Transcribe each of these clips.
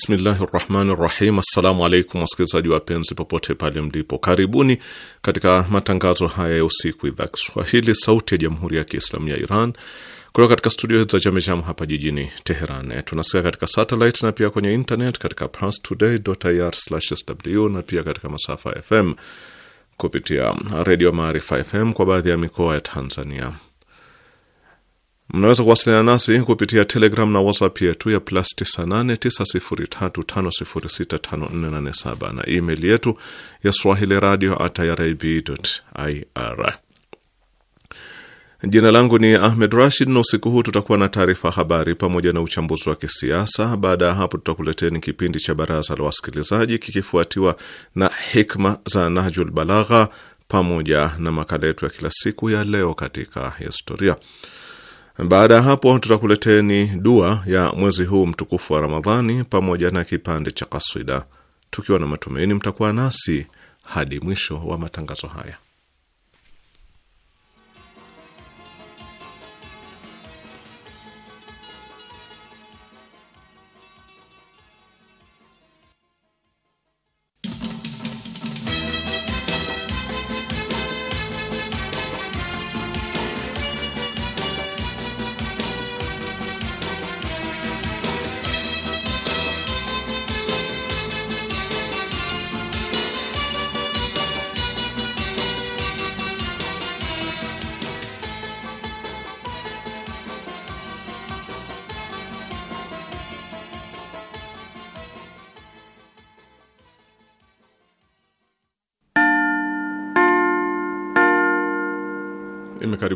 Bismillahi rahmani rahim. Assalamu alaikum wasikilizaji wapenzi, popote pale mlipo, karibuni katika matangazo haya ya usiku, idhaa Kiswahili sauti ya jamhuri ya Kiislamu ya Iran kutoka katika studio za Jamejam hapa jijini Teheran. Tunasikia katika satelit na pia kwenye internet katika parstoday.ir/sw na pia katika masafa FM kupitia redio Maarifa FM kwa baadhi ya mikoa ya Tanzania. Mnaweza kuwasiliana nasi kupitia Telegram na WhatsApp yetu ya plus 989035065487 na email yetu ya swahili radio at irib ir. Jina langu ni Ahmed Rashid, na usiku huu tutakuwa na taarifa habari pamoja na uchambuzi wa kisiasa. Baada ya hapo, tutakuletea ni kipindi cha baraza la wasikilizaji kikifuatiwa na hikma za Nahjul Balagha pamoja na makala yetu ya kila siku ya leo katika historia. Baada ya hapo, tutakuleteni dua ya mwezi huu mtukufu wa Ramadhani pamoja na kipande cha kaswida, tukiwa na matumaini mtakuwa nasi hadi mwisho wa matangazo haya.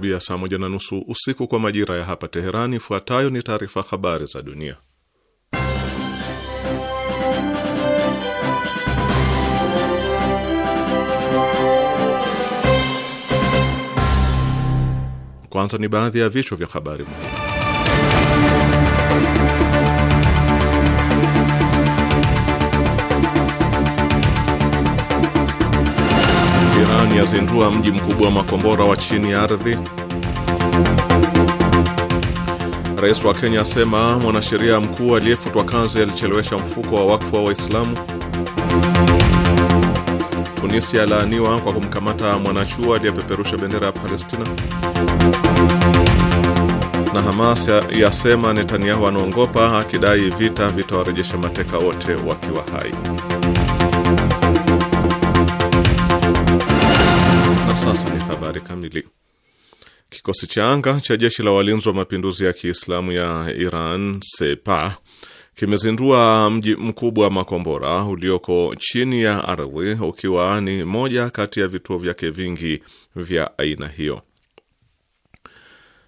imewadia saa moja na nusu usiku kwa majira ya hapa Teherani. Ifuatayo ni taarifa habari za dunia. Kwanza ni baadhi ya vichwa vya habari muhimu. yazindua mji mkubwa wa makombora wa chini ya ardhi. Rais wa Kenya asema mwanasheria mkuu aliyefutwa kazi alichelewesha mfuko wa wakfu wa Waislamu. Tunisia alaaniwa kwa kumkamata mwanachuo aliyepeperusha bendera ya Palestina. Na Hamas yasema Netanyahu anaongopa akidai vita vitawarejesha mateka wote wakiwa hai. sasa ni habari kamili. Kikosi cha anga cha jeshi la walinzi wa mapinduzi ya Kiislamu ya Iran Sepa kimezindua mji mkubwa wa makombora ulioko chini ya ardhi ukiwa ni moja kati ya vituo vyake vingi vya aina hiyo.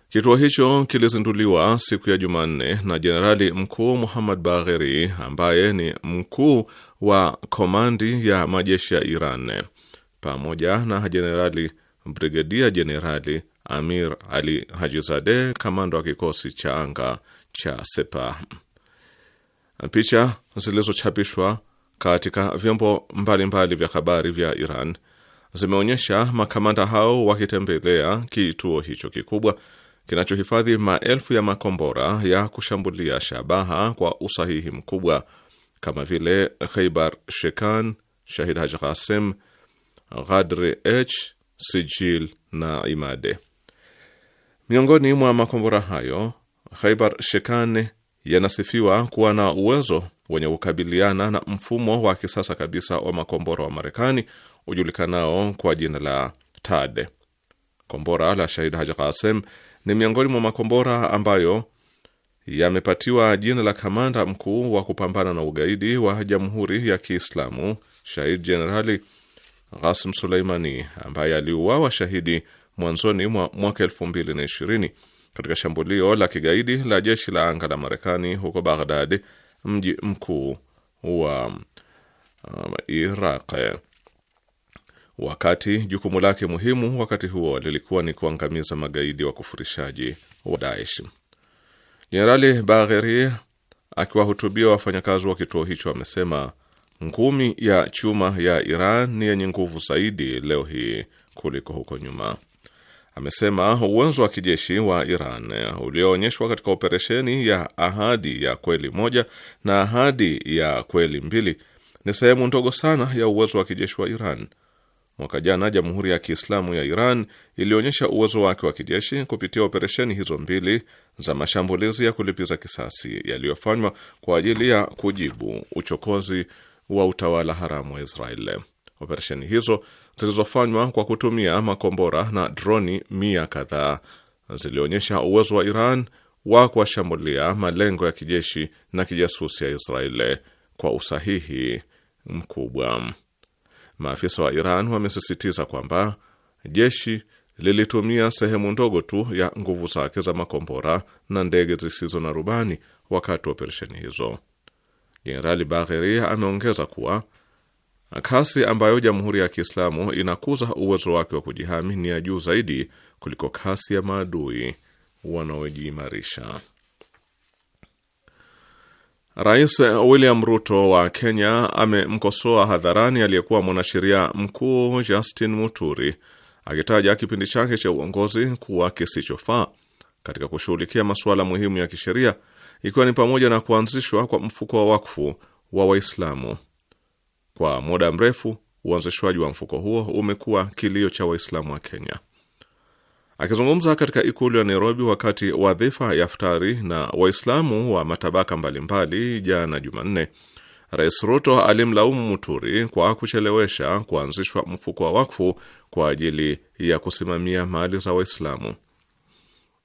Kituo hicho kilizinduliwa siku ya Jumanne na Jenerali Mkuu Muhammad Bagheri ambaye ni mkuu wa komandi ya majeshi ya Iran pamoja na Jenerali Brigedia Jenerali Amir Ali hajizade kamanda wa kikosi cha anga cha sepa Picha zilizochapishwa katika vyombo mbalimbali vya habari vya Iran zimeonyesha makamanda hao wakitembelea kituo hicho kikubwa kinachohifadhi maelfu ya makombora ya kushambulia shabaha kwa usahihi mkubwa kama vile Khaibar Shekan, Shahid Haj Qasim Ghadri H, Sijil na Imade. Miongoni mwa makombora hayo, Khaibar shekane yanasifiwa kuwa na uwezo wenye kukabiliana na mfumo wa kisasa kabisa wa makombora wa Marekani ujulikanao kwa jina la Tade. Kombora la Shahid Haji Qasem ni miongoni mwa makombora ambayo yamepatiwa jina la kamanda mkuu wa kupambana na ugaidi wa Jamhuri ya Kiislamu Shahid Jenerali Qasim Suleimani ambaye aliuawa shahidi mwanzoni mwa mwaka 2020 katika shambulio la kigaidi la jeshi la anga la Marekani huko Baghdad, mji mkuu wa um, Iraq. Wakati jukumu lake muhimu wakati huo lilikuwa ni kuangamiza magaidi wa kufurishaji wa Daesh. Jenerali Bagheri akiwahutubia wafanyakazi wa kituo hicho amesema Ngumi ya chuma ya Iran ni yenye nguvu zaidi leo hii kuliko huko nyuma. Amesema uwezo wa kijeshi wa Iran ulioonyeshwa katika operesheni ya Ahadi ya Kweli moja na Ahadi ya Kweli mbili ni sehemu ndogo sana ya uwezo wa kijeshi wa Iran. Mwaka jana Jamhuri ya Kiislamu ya Iran ilionyesha uwezo wake wa kijeshi kupitia operesheni hizo mbili za mashambulizi ya kulipiza kisasi yaliyofanywa kwa ajili ya kujibu uchokozi wa utawala haramu wa Israel. Operesheni hizo zilizofanywa kwa kutumia makombora na droni mia kadhaa zilionyesha uwezo wa Iran wa kuwashambulia malengo ya kijeshi na kijasusi ya Israeli kwa usahihi mkubwa. Maafisa wa Iran wamesisitiza kwamba jeshi lilitumia sehemu ndogo tu ya nguvu zake za makombora na ndege zisizo na rubani wakati wa operesheni hizo. Jenerali Bagheri ameongeza kuwa kasi ambayo Jamhuri ya Kiislamu inakuza uwezo wake wa kujihami ni ya juu zaidi kuliko kasi ya maadui wanaojiimarisha. Rais William Ruto wa Kenya amemkosoa hadharani aliyekuwa mwanasheria mkuu Justin Muturi akitaja kipindi chake cha uongozi kuwa kisichofaa katika kushughulikia masuala muhimu ya kisheria ikiwa ni pamoja na kuanzishwa kwa mfuko wa wakfu wa Waislamu. Kwa muda mrefu uanzishwaji wa mfuko huo umekuwa kilio cha Waislamu wa Kenya. Akizungumza katika ikulu ya Nairobi wakati wa dhifa ya iftari na Waislamu wa matabaka mbalimbali jana Jumanne, Rais Ruto alimlaumu Muturi kwa kuchelewesha kuanzishwa mfuko wa wakfu kwa ajili ya kusimamia mali za Waislamu.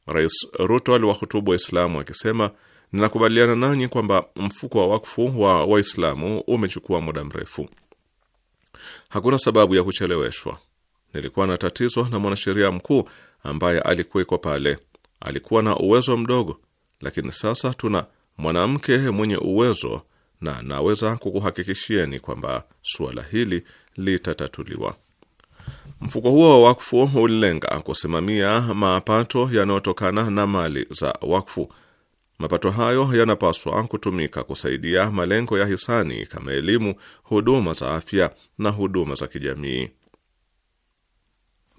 Rais Ruto aliwahutubu Waislamu akisema wa Ninakubaliana nanyi kwamba mfuko wa wakfu wa Waislamu umechukua muda mrefu. Hakuna sababu ya kucheleweshwa. Nilikuwa na tatizo na mwanasheria mkuu ambaye alikuwekwa pale. Alikuwa na uwezo mdogo, lakini sasa tuna mwanamke mwenye uwezo na naweza kukuhakikishieni kwamba suala hili litatatuliwa. Mfuko huo wa wakfu ulilenga kusimamia mapato yanayotokana na mali za wakfu Mapato hayo yanapaswa kutumika kusaidia malengo ya hisani kama elimu, huduma za afya na huduma za kijamii.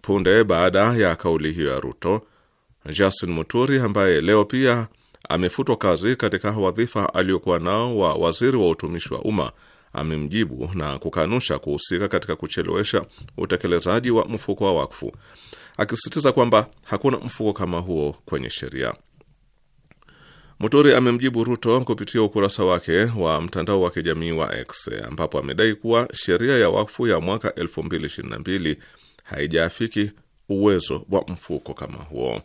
Punde baada ya kauli hiyo ya Ruto, Justin Muturi ambaye leo pia amefutwa kazi katika wadhifa aliyokuwa nao wa waziri wa utumishi wa umma amemjibu na kukanusha kuhusika katika kuchelewesha utekelezaji wa mfuko wa wakfu, akisisitiza kwamba hakuna mfuko kama huo kwenye sheria. Muturi amemjibu Ruto kupitia ukurasa wake wa mtandao wa kijamii wa X ambapo amedai kuwa sheria ya wakfu ya mwaka 2022 haijaafiki uwezo wa mfuko kama huo.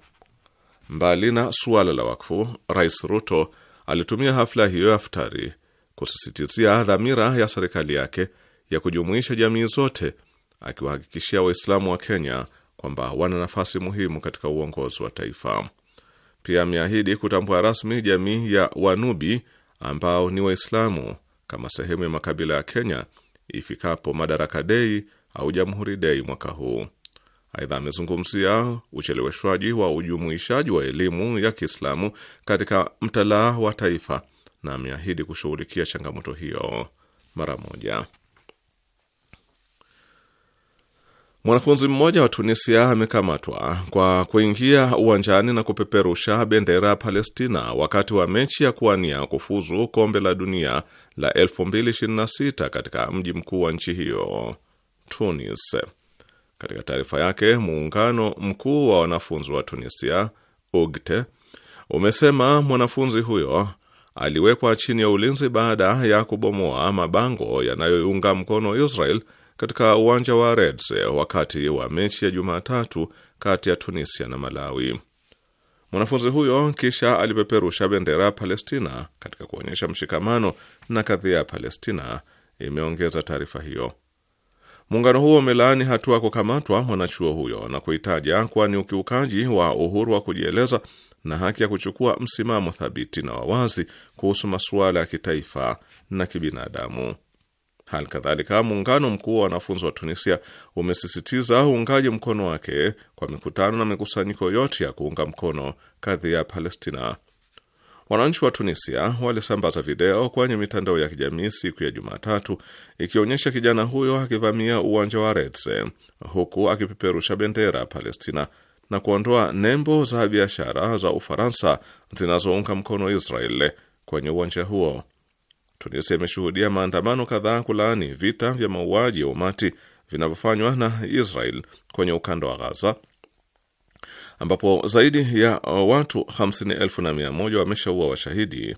Mbali na suala la wakfu, Rais Ruto alitumia hafla hiyo ya iftari kusisitizia dhamira ya serikali yake ya kujumuisha jamii zote, akiwahakikishia Waislamu wa Kenya kwamba wana nafasi muhimu katika uongozi wa taifa. Pia ameahidi kutambua rasmi jamii ya Wanubi ambao ni Waislamu kama sehemu ya makabila ya Kenya ifikapo Madaraka Dei au Jamhuri Dei mwaka huu. Aidha, amezungumzia ucheleweshwaji wa ujumuishaji wa elimu ya Kiislamu katika mtalaa wa taifa na ameahidi kushughulikia changamoto hiyo mara moja. Mwanafunzi mmoja wa Tunisia amekamatwa kwa kuingia uwanjani na kupeperusha bendera ya Palestina wakati wa mechi ya kuwania kufuzu kombe la dunia la 2026 katika mji mkuu wa nchi hiyo Tunis. Katika taarifa yake, muungano mkuu wa wanafunzi wa Tunisia UGTE umesema mwanafunzi huyo aliwekwa chini ya ulinzi baada ya kubomoa mabango yanayoiunga mkono Israel katika uwanja wa Reds eh, wakati wa mechi ya Jumatatu kati ya Tunisia na Malawi. Mwanafunzi huyo kisha alipeperusha bendera ya Palestina katika kuonyesha mshikamano na kadhia ya Palestina, imeongeza taarifa hiyo. Muungano huo umelaani hatua kukamatwa mwanachuo huyo na kuitaja kuwa ni ukiukaji wa uhuru wa kujieleza na haki ya kuchukua msimamo thabiti na wawazi kuhusu masuala ya kitaifa na kibinadamu. Hali kadhalika muungano mkuu wa wanafunzi wa Tunisia umesisitiza uungaji mkono wake kwa mikutano na mikusanyiko yote ya kuunga mkono kadhi ya Palestina. Wananchi wa Tunisia walisambaza video kwenye mitandao ya kijamii siku ya Jumatatu ikionyesha kijana huyo akivamia uwanja wa Retse huku akipeperusha bendera ya Palestina na kuondoa nembo za biashara za Ufaransa zinazounga mkono israel kwenye uwanja huo. Tunisia imeshuhudia maandamano kadhaa kulaani vita vya mauaji ya umati vinavyofanywa na Israel kwenye ukanda wa Gaza, ambapo zaidi ya watu 50,100 wameshaua washahidi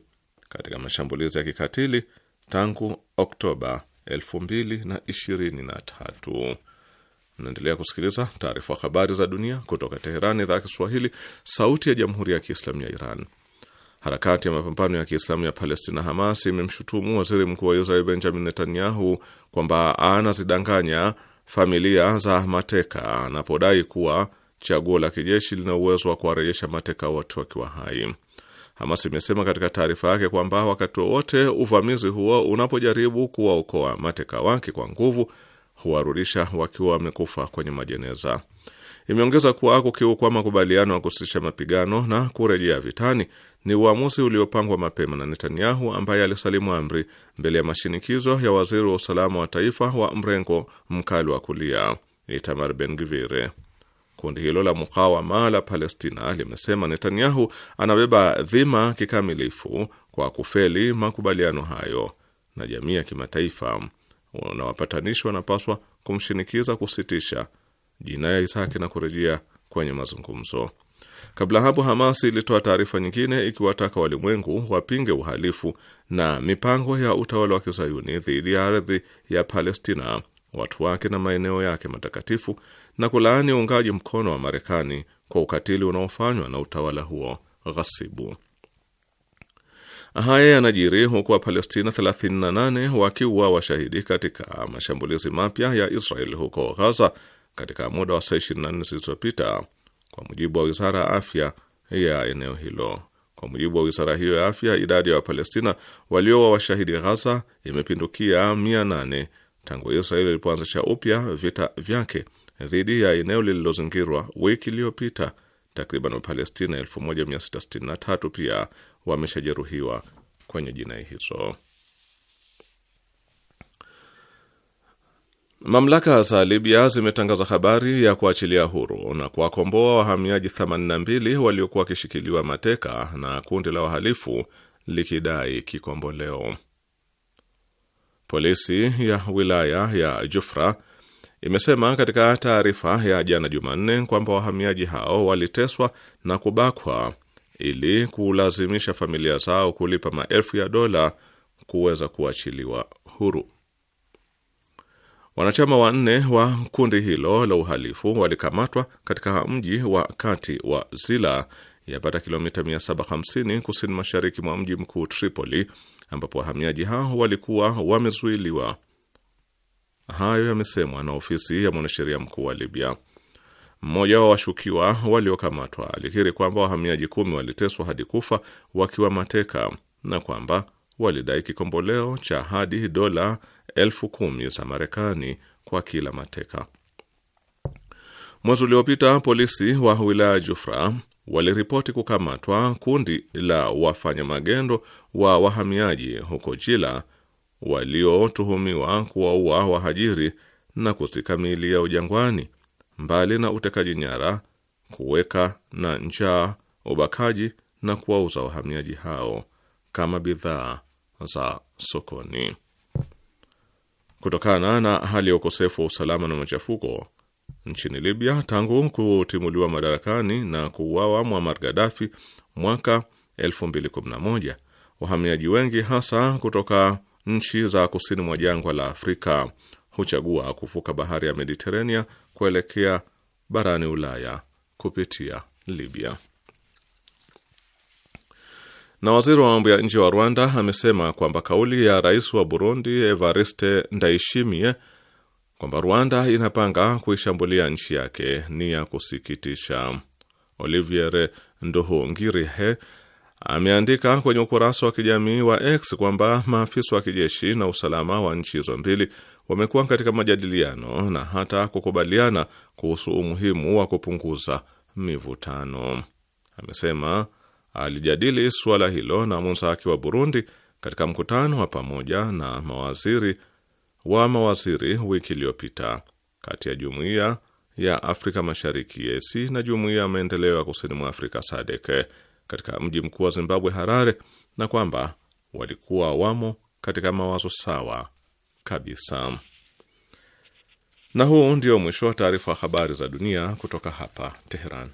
katika mashambulizi ya kikatili tangu Oktoba 2023. Mnaendelea kusikiliza taarifa habari za dunia kutoka Teherani, idhaa ya Kiswahili, sauti ya jamhuri ya kiislamu ya Iran. Harakati ya mapambano ya Kiislamu ya Palestina, Hamas, imemshutumu waziri mkuu wa Israel Benjamin Netanyahu kwamba anazidanganya familia za mateka anapodai kuwa chaguo la kijeshi lina uwezo wa kuwarejesha mateka wote wakiwa hai. Hamas imesema katika taarifa yake kwamba wakati wowote uvamizi huo unapojaribu kuwaokoa mateka wake kwa nguvu, huwarudisha wakiwa wamekufa kwenye majeneza. Imeongeza kuwa kukiukwa makubaliano ya kusitisha mapigano na kurejea vitani ni uamuzi uliopangwa mapema na Netanyahu ambaye alisalimu amri mbele ya mashinikizo ya waziri wa usalama wa taifa wa mrengo mkali wa kulia Itamar Ben-Gvir. Kundi hilo la mukawama la Palestina limesema Netanyahu anabeba dhima kikamilifu kwa kufeli makubaliano hayo, na jamii ya kimataifa na wapatanishi wanapaswa kumshinikiza kusitisha jina ya Isaki na kurejea kwenye mazungumzo. Kabla hapo, Hamas ilitoa taarifa nyingine ikiwataka walimwengu wapinge uhalifu na mipango ya utawala wa kizayuni dhidi ya ardhi ya Palestina, watu wake na maeneo yake matakatifu na kulaani uungaji mkono wa Marekani kwa ukatili unaofanywa na utawala huo ghasibu. Haya yanajiri huku Wapalestina 38 wakiuawa washahidi katika mashambulizi mapya ya Israel huko Ghaza katika muda wa saa 24 zilizopita, kwa mujibu wa wizara ya afya ya eneo hilo. Kwa mujibu wa wizara hiyo ya afya, idadi ya Wapalestina walioa washahidi Ghaza imepindukia 8 tangu Israeli ilipoanzisha upya vita vyake dhidi ya eneo lililozingirwa wiki iliyopita. Takriban Wapalestina 1663 pia wameshajeruhiwa kwenye jinai hizo. Mamlaka za Libya zimetangaza habari ya kuachilia huru na kuwakomboa wahamiaji 82 waliokuwa wakishikiliwa mateka na kundi la wahalifu likidai kikomboleo. Polisi ya wilaya ya Jufra imesema katika taarifa ya jana Jumanne kwamba wahamiaji hao waliteswa na kubakwa ili kulazimisha familia zao kulipa maelfu ya dola kuweza kuachiliwa huru. Wanachama wanne wa kundi hilo la uhalifu walikamatwa katika mji wa kati wa Zila, yapata kilomita 750 kusini mashariki mwa mji mkuu Tripoli, ambapo wahamiaji hao walikuwa wamezuiliwa. Hayo yamesemwa na ofisi ya mwanasheria mkuu wa Libya. Mmoja wa washukiwa waliokamatwa alikiri kwamba wahamiaji kumi waliteswa hadi kufa wakiwa mateka na kwamba walidai kikomboleo cha hadi dola elfu kumi za Marekani kwa kila mateka. Mwezi uliopita polisi wa wilaya Jufra waliripoti kukamatwa kundi la wafanya magendo wa wahamiaji huko Jila waliotuhumiwa kuwaua wahajiri na kuzika miili yao jangwani. Mbali na utekaji nyara, kuweka na njaa, ubakaji na kuwauza wahamiaji hao kama bidhaa za sokoni kutokana na hali ya ukosefu wa usalama na machafuko nchini Libya tangu kutimuliwa madarakani na kuuawa Muammar Gaddafi mwaka 2011. Wahamiaji wengi hasa kutoka nchi za kusini mwa jangwa la Afrika huchagua kuvuka bahari ya Mediterania kuelekea barani Ulaya kupitia Libya. Na waziri wa mambo ya nje wa Rwanda amesema kwamba kauli ya rais wa Burundi Evariste Ndayishimiye kwamba Rwanda inapanga kuishambulia nchi yake ni ya kusikitisha. Olivier Nduhungirehe ameandika kwenye ukurasa wa kijamii wa X kwamba maafisa wa kijeshi na usalama wa nchi hizo mbili wamekuwa katika majadiliano na hata kukubaliana kuhusu umuhimu wa kupunguza mivutano. Amesema alijadili suala hilo na mwenzake wa Burundi katika mkutano wa pamoja na mawaziri wa mawaziri wiki iliyopita kati ya Jumuiya ya Afrika Mashariki EAC na Jumuiya ya Maendeleo ya Kusini mwa Afrika SADC katika mji mkuu wa Zimbabwe Harare, na kwamba walikuwa wamo katika mawazo sawa kabisa. Na huu ndio mwisho wa taarifa habari za dunia kutoka hapa Teheran.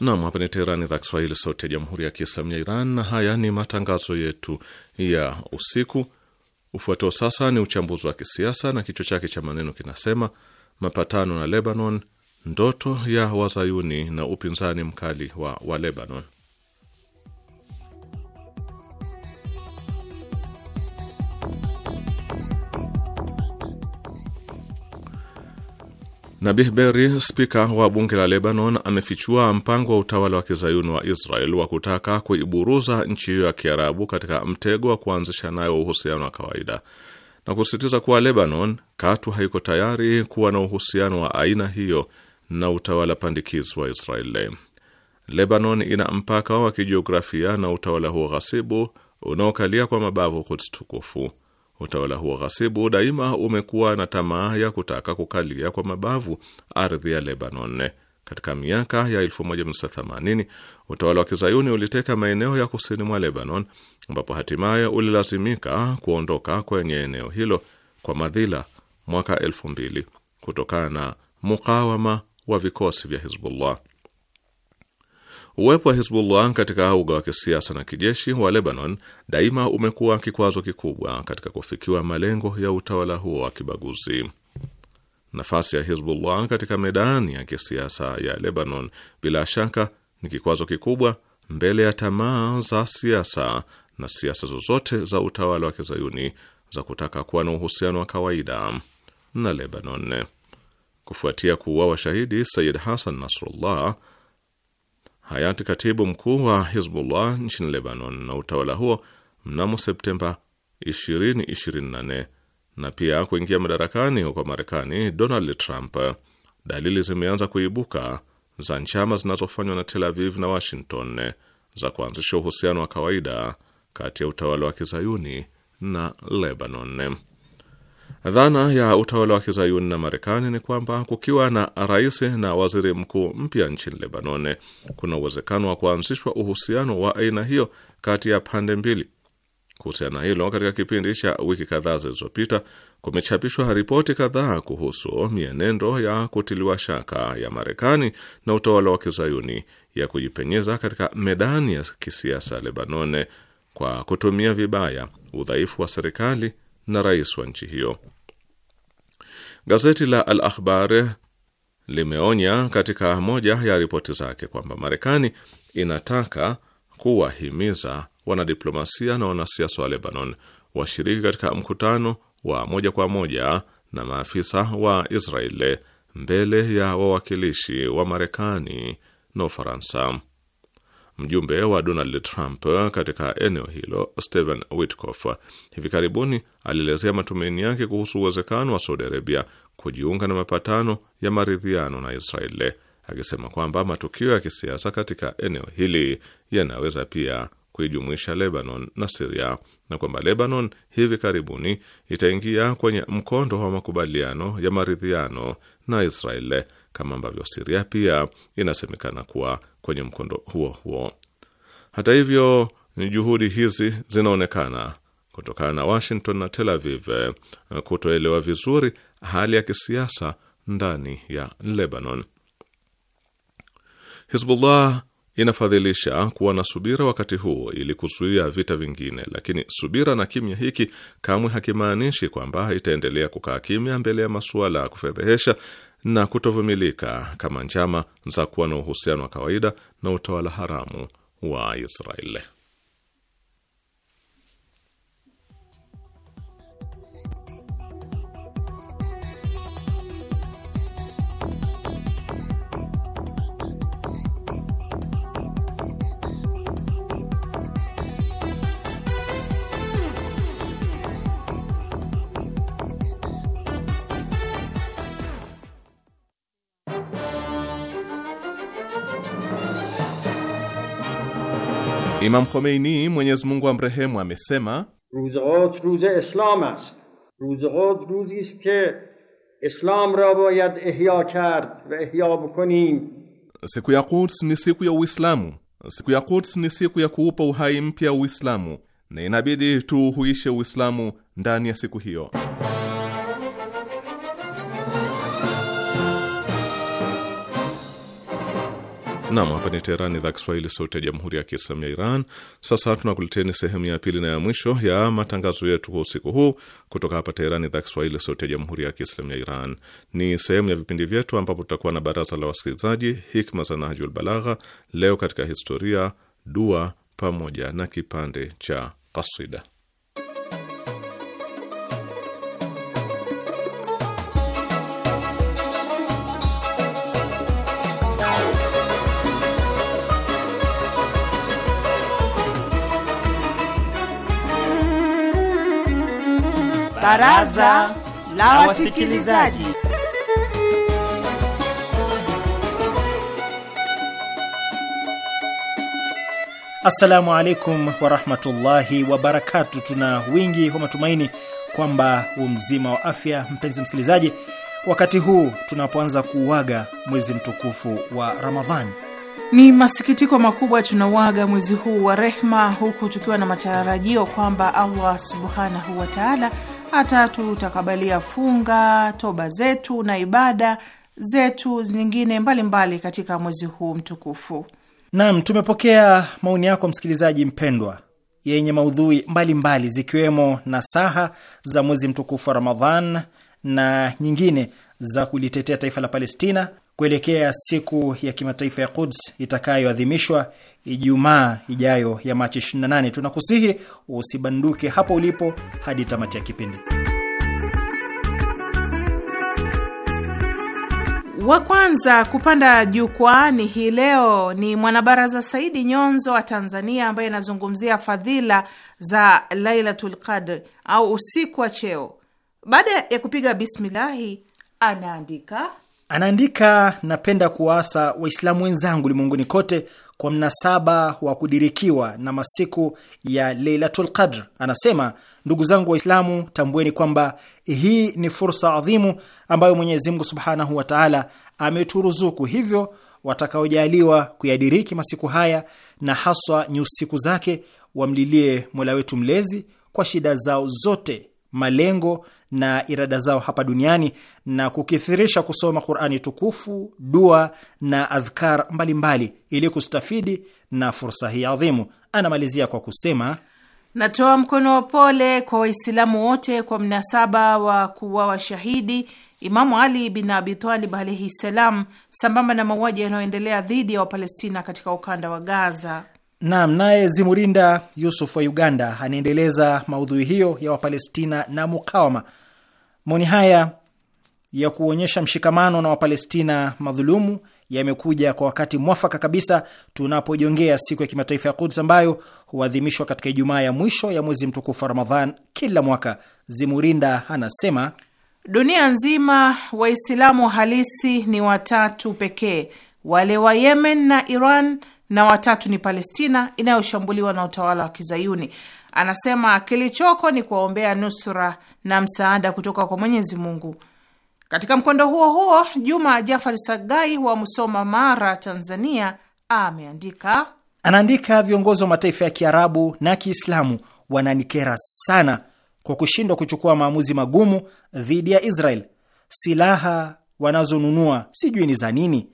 Nam, hapa ni Teherani, idhaa Kiswahili, sauti ya jamhuri ya kiislamia Iran, na haya ni matangazo yetu ya usiku. Ufuatao sasa ni uchambuzi wa kisiasa na kichwa chake cha maneno kinasema: mapatano na Lebanon, ndoto ya wazayuni na upinzani mkali wa wa Lebanon. Nabih Berri, spika wa bunge la Lebanon, amefichua mpango wa utawala wa kizayuni wa Israel wa kutaka kuiburuza nchi hiyo ya kiarabu katika mtego wa kuanzisha nayo uhusiano wa kawaida na kusisitiza kuwa Lebanon katu haiko tayari kuwa na uhusiano wa aina hiyo na utawala pandikizi wa Israel. Lebanon ina mpaka wa kijiografia na utawala huo ghasibu unaokalia kwa mabavu Quds tukufu. Utawala huo ghasibu daima umekuwa na tamaa ya kutaka kukalia kwa mabavu ardhi ya Lebanon. Katika miaka ya 1980 utawala wa kizayuni uliteka maeneo ya kusini mwa Lebanon, ambapo hatimaye ulilazimika kuondoka kwenye eneo hilo kwa madhila mwaka 2000 kutokana na mukawama wa vikosi vya Hizbullah. Uwepo wa Hizbullah katika uga wa kisiasa na kijeshi wa Lebanon daima umekuwa kikwazo kikubwa katika kufikiwa malengo ya utawala huo wa kibaguzi. Nafasi ya Hizbullah katika medani ya kisiasa ya Lebanon bila shaka ni kikwazo kikubwa mbele ya tamaa za siasa na siasa zozote za utawala wa kizayuni za kutaka kuwa na uhusiano wa kawaida na Lebanon. Kufuatia kuuawa shahidi Sayid Hassan Nasrullah hayati katibu mkuu wa Hizbullah nchini Lebanon na utawala huo mnamo Septemba 2024 na pia kuingia madarakani huko Marekani Donald Trump, dalili zimeanza kuibuka za njama zinazofanywa na Tel Aviv na Washington za kuanzisha uhusiano wa kawaida kati ya utawala wa kizayuni na Lebanon. Dhana ya utawala wa kizayuni na Marekani ni kwamba kukiwa na rais na waziri mkuu mpya nchini Lebanon, kuna uwezekano wa kuanzishwa uhusiano wa aina hiyo kati ya pande mbili. Kuhusiana na hilo, katika kipindi cha wiki kadhaa zilizopita kumechapishwa ripoti kadhaa kuhusu mienendo ya kutiliwa shaka ya Marekani na utawala wa kizayuni ya kujipenyeza katika medani ya kisiasa Lebanon kwa kutumia vibaya udhaifu wa serikali na rais wa nchi hiyo. Gazeti la Al Akhbar limeonya katika moja ya ripoti zake kwamba Marekani inataka kuwahimiza wanadiplomasia na wanasiasa wa Lebanon washiriki katika mkutano wa moja kwa moja na maafisa wa Israeli mbele ya wawakilishi wa Marekani na Ufaransa. Mjumbe wa Donald Trump eh, katika eneo hilo Stephen Witkoff eh, hivi karibuni alielezea matumaini yake kuhusu uwezekano wa Saudi Arabia kujiunga na mapatano ya maridhiano na Israeli, eh, akisema kwamba matukio ya kisiasa katika eneo hili yanaweza pia kuijumuisha Lebanon na Siria na kwamba Lebanon hivi karibuni itaingia kwenye mkondo wa makubaliano ya maridhiano na Israeli kama ambavyo Siria pia inasemekana kuwa kwenye mkondo huo huo. Hata hivyo, ni juhudi hizi zinaonekana kutokana na Washington na Tel Aviv eh, kutoelewa vizuri hali ya kisiasa ndani ya Lebanon. Hizbullah inafadhilisha kuwa na subira wakati huo ili kuzuia vita vingine, lakini subira na kimya hiki kamwe hakimaanishi kwamba itaendelea kukaa kimya mbele ya masuala ya kufedhehesha na kutovumilika kama njama za kuwa na uhusiano wa kawaida na utawala haramu wa Israeli. Imam Khomeini, Mwenyezi Mungu amrehemu, amesema ruze Quds ruze islam ast ruze Quds ruzi ist ke islam ra bayad ihya kard va ihya bukonim, siku ya Quds ni siku ya Uislamu. Siku ya Quds ni siku ya kuupa uhai mpya Uislamu, na inabidi tuuhuishe Uislamu ndani ya siku hiyo. Nam, hapa ni Teherani, idhaa Kiswahili, sauti ya jamhuri ya kiislamu ya Iran. Sasa tunakuleteni sehemu ya pili na ya mwisho ya matangazo yetu kwa usiku huu kutoka hapa Teherani, idhaa Kiswahili, sauti ya jamhuri ya kiislamu ya Iran. Ni sehemu ya vipindi vyetu ambapo tutakuwa na baraza la wasikilizaji, hikma za Nahjul Balagha, leo katika historia, dua pamoja na kipande cha kasida. Baraza la Wasikilizaji. Assalamu alaikum warahmatullahi wabarakatu. Tuna wingi wa matumaini kwamba umzima wa afya, mpenzi msikilizaji, wakati huu tunapoanza kuuaga mwezi mtukufu wa Ramadhani. Ni masikitiko makubwa tunauaga mwezi huu wa rehma, huku tukiwa na matarajio kwamba Allah subhanahu wa taala hata tutakabalia funga, toba zetu na ibada zetu zingine mbalimbali mbali katika mwezi huu mtukufu. Naam, tumepokea maoni yako msikilizaji mpendwa, yenye maudhui mbalimbali mbali, zikiwemo nasaha za mwezi mtukufu wa Ramadhan na nyingine za kulitetea taifa la Palestina kuelekea siku ya kimataifa ya Quds itakayoadhimishwa Ijumaa ijayo ya Machi 28. Tunakusihi usibanduke hapo ulipo hadi tamati ya kipindi. Wa kwanza kupanda jukwaani hii leo ni mwanabaraza Saidi Nyonzo wa Tanzania, ambaye anazungumzia fadhila za Lailatul Qadr au usiku wa cheo. Baada ya kupiga bismillahi, anaandika Anaandika, napenda kuwaasa Waislamu wenzangu ulimwenguni kote kwa mnasaba wa kudirikiwa na masiku ya Leilatul Qadr. Anasema, ndugu zangu Waislamu, tambueni kwamba hii ni fursa adhimu ambayo Mwenyezi Mungu subhanahu wa taala ameturuzuku, hivyo watakaojaliwa kuyadiriki masiku haya na haswa nyusiku zake wamlilie Mola wetu mlezi kwa shida zao zote, malengo na irada zao hapa duniani na kukithirisha kusoma Qurani tukufu, dua na adhkar mbalimbali ili kustafidi na fursa hii adhimu. Anamalizia kwa kusema natoa mkono wa pole kwa Waislamu wote kwa mnasaba wa kuwa washahidi Imamu Ali bin Abitalib alaihi ssalam, sambamba na mauaji yanayoendelea dhidi ya Wapalestina katika ukanda wa Gaza. Naam, naye Zimurinda Yusuf wa Uganda anaendeleza maudhui hiyo ya Wapalestina na mukawama Maoni haya ya kuonyesha mshikamano na Wapalestina madhulumu yamekuja kwa wakati mwafaka kabisa tunapojongea siku ya kimataifa ya Quds ambayo huadhimishwa katika Ijumaa ya mwisho ya mwezi mtukufu wa Ramadhan kila mwaka. Zimurinda anasema dunia nzima Waislamu halisi ni watatu pekee, wale wa Yemen na Iran, na watatu ni Palestina inayoshambuliwa na utawala wa Kizayuni. Anasema kilichoko ni kuwaombea nusra na msaada kutoka kwa Mwenyezi Mungu. Katika mkondo huo huo, Juma Jafari Sagai wa Musoma, Mara, Tanzania, ameandika anaandika, viongozi wa mataifa ya Kiarabu na Kiislamu wananikera sana kwa kushindwa kuchukua maamuzi magumu dhidi ya Israel. Silaha wanazonunua sijui ni za nini.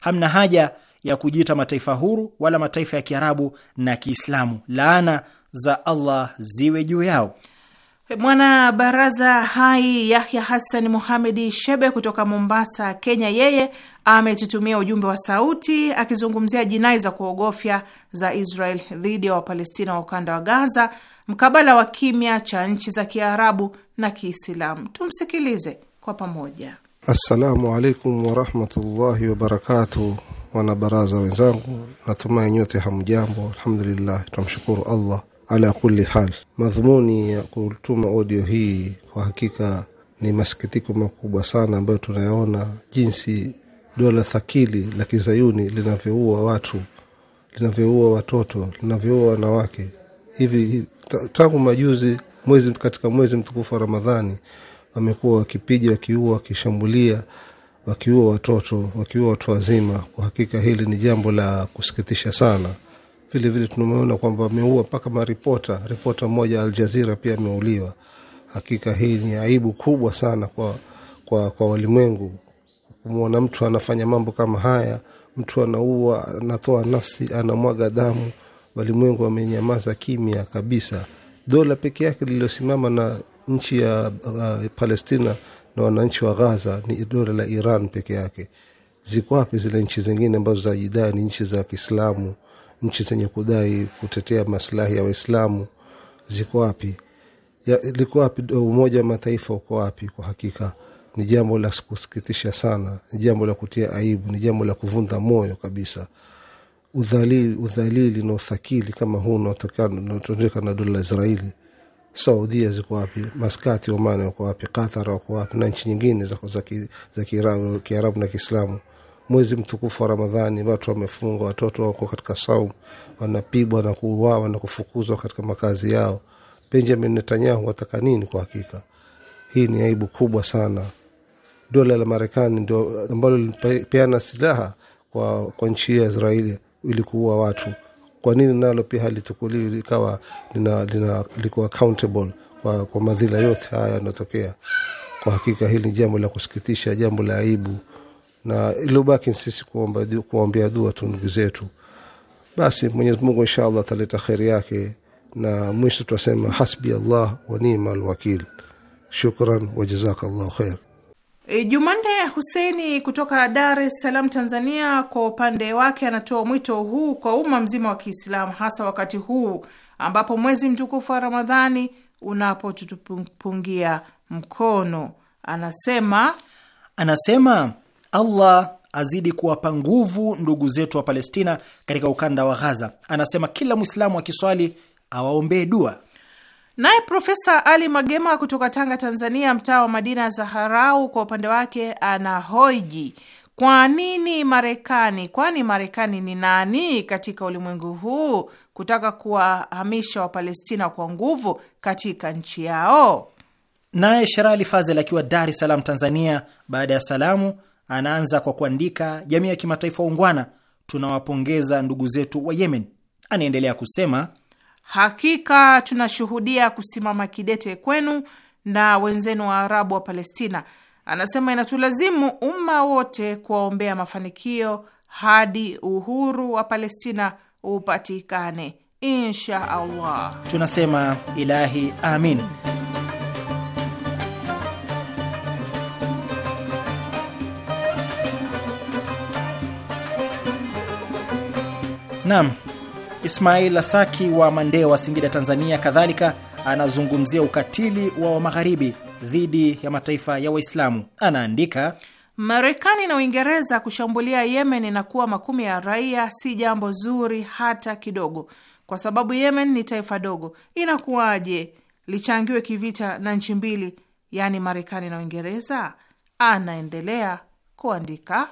Hamna haja ya kujiita mataifa huru wala mataifa ya Kiarabu na Kiislamu. Laana za Allah ziwe juu yao. Mwana baraza hai Yahya Hassan Muhamedi Shebe kutoka Mombasa, Kenya, yeye ametutumia ujumbe wa sauti akizungumzia jinai za kuogofya za Israel dhidi ya Wapalestina wa ukanda wa Gaza mkabala wa kimya cha nchi za Kiarabu na Kiislamu. Tumsikilize kwa pamoja. Assalamu alaikum warahmatullahi wabarakatu, Wanabaraza wenzangu, natumai nyote hamjambo. Alhamdulillah, tunamshukuru Allah ala kuli hal, madhumuni ya kutuma audio hii kwa hakika ni masikitiko makubwa sana ambayo tunayaona jinsi dola thakili la kizayuni linavyoua watu, linavyoua watoto, linavyoua wanawake. Hivi tangu majuzi, mwezi katika mwezi mtukufu wa Ramadhani, wamekuwa wakipiga, wakiua, wakishambulia, wakiua watoto, wakiua watu wazima. Kwa hakika hili ni jambo la kusikitisha sana. Vilevile tumeona kwamba ameua mpaka maripota, ripota mmoja Al Jazira pia ameuliwa. Hakika hii ni aibu kubwa sana kwa, kwa, kwa walimwengu kumwona mtu anafanya mambo kama haya, mtu anaua, anatoa nafsi, anamwaga damu. Walimwengu wamenyamaza kimya kabisa. Dola peke yake lililosimama na nchi ya uh, Palestina na wananchi wa ghaza ni dola la Iran peke yake. Ziko wapi zile nchi zingine ambazo za jidai ni nchi za Kiislamu nchi zenye kudai kutetea maslahi ya Waislamu ziko wapi? Liko wapi? Umoja wa Mataifa uko wapi? Kwa hakika ni jambo la kusikitisha sana, ni jambo la kutia aibu, ni jambo la kuvunja moyo kabisa. Udhalili, udhalili na uthakili kama huu unaotendeka na dola la Israeli. Saudia ziko wapi? Maskati, Omani wako wapi? Qatar wako wapi? na nchi nyingine za Kiarabu na Kiislamu. ki mwezi mtukufu wa Ramadhani, watu wamefungwa, watoto wako katika saum, wanapigwa na kuuawa na kufukuzwa katika makazi yao. Benjamin Netanyahu wataka nini? Kwa hakika hii ni aibu kubwa sana. Dola la Marekani ndio ambalo lilipeana silaha kwa, kwa nchi ya Israeli ili kuua watu. Kwa nini nalo pia halitukuliwi likawa likuwa accountable kwa, kwa madhila yote haya yanayotokea? Kwa hakika hili ni jambo la kusikitisha, jambo la aibu na iliobaki sisi kuwaombea dua tu ndugu zetu basi mwenyezi mungu insha allah ataleta kheri yake na mwisho tutasema hasbi allah wa nima alwakil shukran wajazakallahu khair e, Jumanne Huseini kutoka Dar es Salaam, Tanzania, kwa upande wake anatoa mwito huu kwa umma mzima wa Kiislamu, hasa wakati huu ambapo mwezi mtukufu wa Ramadhani unapotupungia mkono. Anasema anasema Allah azidi kuwapa nguvu ndugu zetu wa Palestina katika ukanda wa Ghaza. Anasema kila mwislamu akiswali awaombee dua. Naye Profesa Ali Magema kutoka Tanga, Tanzania, mtaa wa Madina ya Zaharau, kwa upande wake anahoji kwa nini Marekani, kwani Marekani ni nani katika ulimwengu huu kutaka kuwahamisha Wapalestina kwa nguvu katika nchi yao? Naye Sherali Fazel akiwa Dar es Salaam, Tanzania, baada ya salamu Anaanza kwa kuandika, jamii ya kimataifa ungwana tunawapongeza ndugu zetu wa Yemen. Anaendelea kusema, hakika tunashuhudia kusimama kidete kwenu na wenzenu wa Arabu wa Palestina. Anasema inatulazimu umma wote kuwaombea mafanikio hadi uhuru wa Palestina upatikane insha Allah. Tunasema ilahi amin. Naam, Ismail Asaki wa wa Singida, Tanzania, kadhalika anazungumzia ukatili wa wamagharibi dhidi ya mataifa ya Waislamu. Anaandika, Marekani na Uingereza kushambulia Yemen na kuwa makumi ya raia si jambo zuri hata kidogo, kwa sababu Yemen ni taifa dogo. Inakuwaje lichangiwe kivita na nchi mbili, yaani Marekani na Uingereza? Anaendelea kuandika,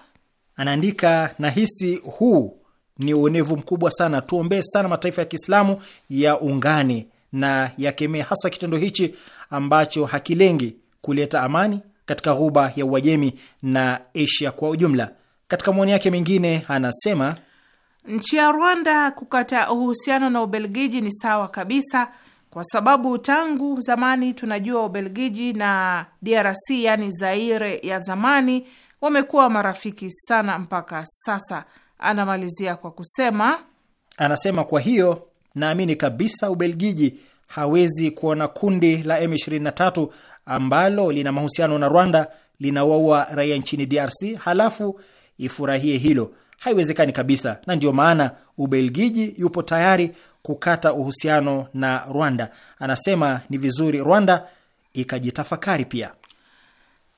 anaandika, nahisi huu ni uonevu mkubwa sana. Tuombee sana mataifa ya Kiislamu yaungane na yakemee hasa kitendo hichi ambacho hakilengi kuleta amani katika ghuba ya Uajemi na Asia kwa ujumla. Katika maoni yake mengine anasema nchi ya Rwanda kukata uhusiano na Ubelgiji ni sawa kabisa, kwa sababu tangu zamani tunajua Ubelgiji na DRC yaani Zaire ya zamani wamekuwa marafiki sana mpaka sasa. Anamalizia kwa kusema, anasema kwa hiyo naamini kabisa Ubelgiji hawezi kuona kundi la M23 ambalo lina mahusiano na Rwanda linawaua raia nchini DRC halafu ifurahie hilo. Haiwezekani kabisa, na ndiyo maana Ubelgiji yupo tayari kukata uhusiano na Rwanda. Anasema ni vizuri Rwanda ikajitafakari pia.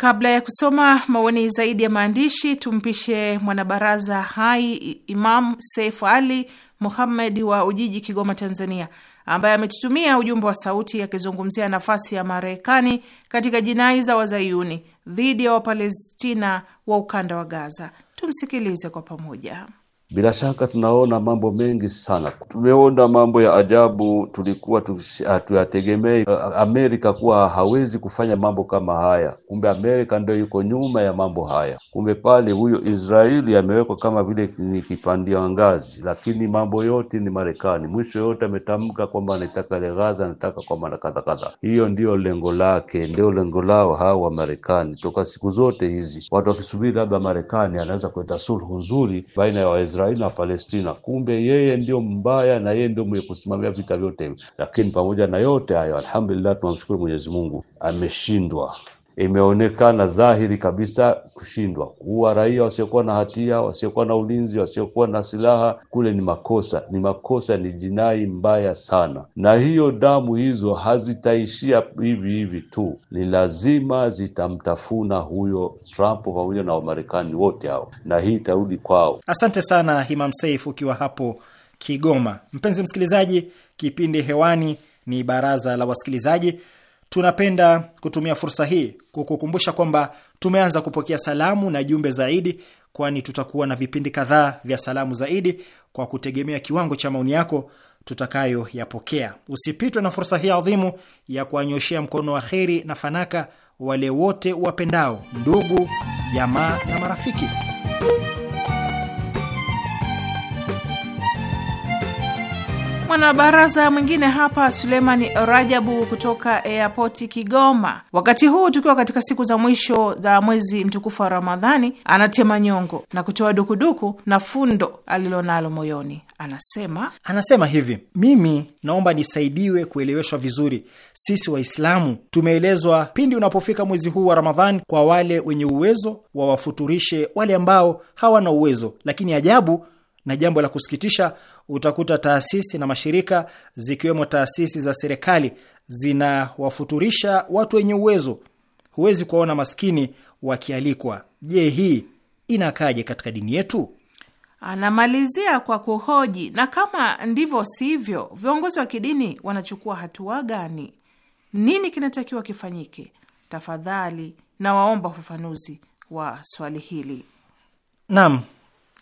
Kabla ya kusoma maoni zaidi ya maandishi, tumpishe mwanabaraza hai Imam Seif Ali Muhammad wa Ujiji, Kigoma, Tanzania, ambaye ametutumia ujumbe wa sauti akizungumzia nafasi ya Marekani katika jinai za wazayuni dhidi ya Wapalestina wa ukanda wa Gaza. Tumsikilize kwa pamoja. Bila shaka tunaona mambo mengi sana, tumeona mambo ya ajabu, tulikuwa hatuyategemei Amerika kuwa hawezi kufanya mambo kama haya. Kumbe Amerika ndio yuko nyuma ya mambo haya. Kumbe pale huyo Israeli amewekwa kama vile ni kipandia ngazi, lakini mambo yote ni Marekani. Mwisho yote ametamka kwamba anataka Gaza, anataka kwa mara kadha kadha. Hiyo ndiyo lengo lake, ndio lengo lao hawa wa Marekani toka siku zote hizi, watu wakisubiri labda Marekani anaweza kuleta sulhu nzuri baina ya Waisraeli Israeli na Palestina. Kumbe yeye ndio mbaya na yeye ndio mwenye kusimamia vita vyote hivi, lakini pamoja na yote hayo, alhamdulillah, tunamshukuru Mwenyezi Mungu ameshindwa imeonekana dhahiri kabisa kushindwa. Kuua raia wasiokuwa na hatia, wasiokuwa na ulinzi, wasiokuwa na silaha kule ni makosa, ni makosa, ni jinai mbaya sana, na hiyo damu hizo hazitaishia hivi hivi tu, ni lazima zitamtafuna huyo Trump pamoja na Wamarekani wote hao, na hii itarudi kwao. Asante sana Imam Seif ukiwa hapo Kigoma. Mpenzi msikilizaji, kipindi hewani ni Baraza la Wasikilizaji. Tunapenda kutumia fursa hii kukukumbusha kwamba tumeanza kupokea salamu na jumbe zaidi, kwani tutakuwa na vipindi kadhaa vya salamu zaidi kwa kutegemea kiwango cha maoni yako tutakayoyapokea. Usipitwe na fursa hii adhimu ya kuwanyoshea mkono wa kheri na fanaka wale wote wapendao, ndugu, jamaa na marafiki. Mwanabaraza mwingine hapa Sulemani Rajabu kutoka eapoti Kigoma. Wakati huu tukiwa katika siku za mwisho za mwezi mtukufu wa Ramadhani, anatema nyongo na kutoa dukuduku na fundo alilonalo moyoni. Anasema anasema hivi, mimi naomba nisaidiwe kueleweshwa vizuri. Sisi Waislamu tumeelezwa pindi unapofika mwezi huu wa Ramadhani, kwa wale wenye uwezo wawafuturishe wale ambao hawana uwezo, lakini ajabu na jambo la kusikitisha utakuta taasisi na mashirika zikiwemo taasisi za serikali zinawafuturisha watu wenye uwezo. Huwezi kuwaona maskini wakialikwa. Je, hii inakaje katika dini yetu? Anamalizia kwa kuhoji, na kama ndivyo sivyo, viongozi wa kidini wanachukua hatua gani? Nini kinatakiwa kifanyike? Tafadhali nawaomba ufafanuzi wa swali hili. Naam,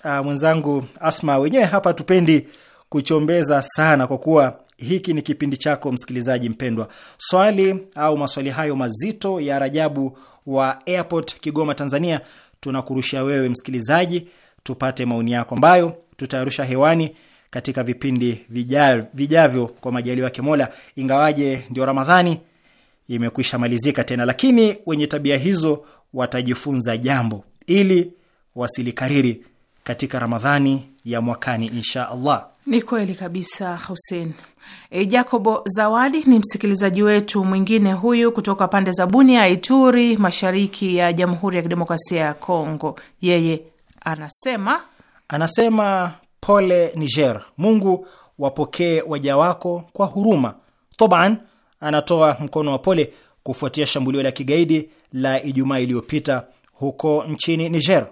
uh, mwenzangu Asma, wenyewe hapa tupendi kuchombeza sana, kwa kuwa hiki ni kipindi chako msikilizaji mpendwa. Swali au maswali hayo mazito ya Rajabu wa Airport Kigoma, Tanzania, tunakurusha wewe msikilizaji, tupate maoni yako ambayo tutayarusha hewani katika vipindi vijavyo kwa majaliwa yake Mola, ingawaje ndio Ramadhani imekwisha malizika tena, lakini wenye tabia hizo watajifunza jambo ili wasilikariri katika Ramadhani ya mwakani insha Allah. Ni kweli kabisa Husein. E, Jacobo Zawadi ni msikilizaji wetu mwingine huyu kutoka pande za Bunia, Ituri, mashariki ya Jamhuri ya Kidemokrasia ya Kongo. Yeye anasema anasema pole Niger, Mungu wapokee waja wako kwa huruma. Toban anatoa mkono wa pole kufuatia shambulio la kigaidi la Ijumaa iliyopita huko nchini Niger.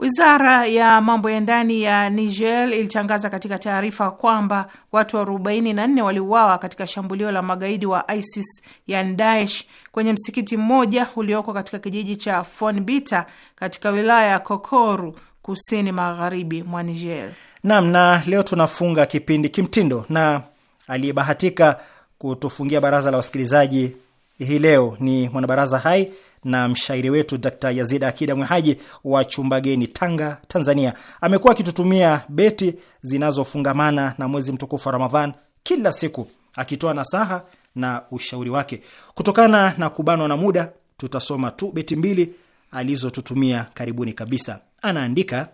Wizara ya mambo ya ndani ya Niger ilitangaza katika taarifa kwamba watu 44 waliuawa katika shambulio la magaidi wa ISIS ya Daesh kwenye msikiti mmoja ulioko katika kijiji cha Fonbita katika wilaya ya Kokoru kusini magharibi mwa Niger. Naam, na leo tunafunga kipindi kimtindo, na aliyebahatika kutufungia baraza la wasikilizaji hii leo ni mwanabaraza hai na mshairi wetu Dr. Yazid Akida Mwehaji wa Chumbageni, Tanga, Tanzania. Amekuwa akitutumia beti zinazofungamana na mwezi mtukufu wa Ramadhan kila siku akitoa nasaha na ushauri wake. Kutokana na kubanwa na muda, tutasoma tu beti mbili alizotutumia karibuni kabisa. Anaandika: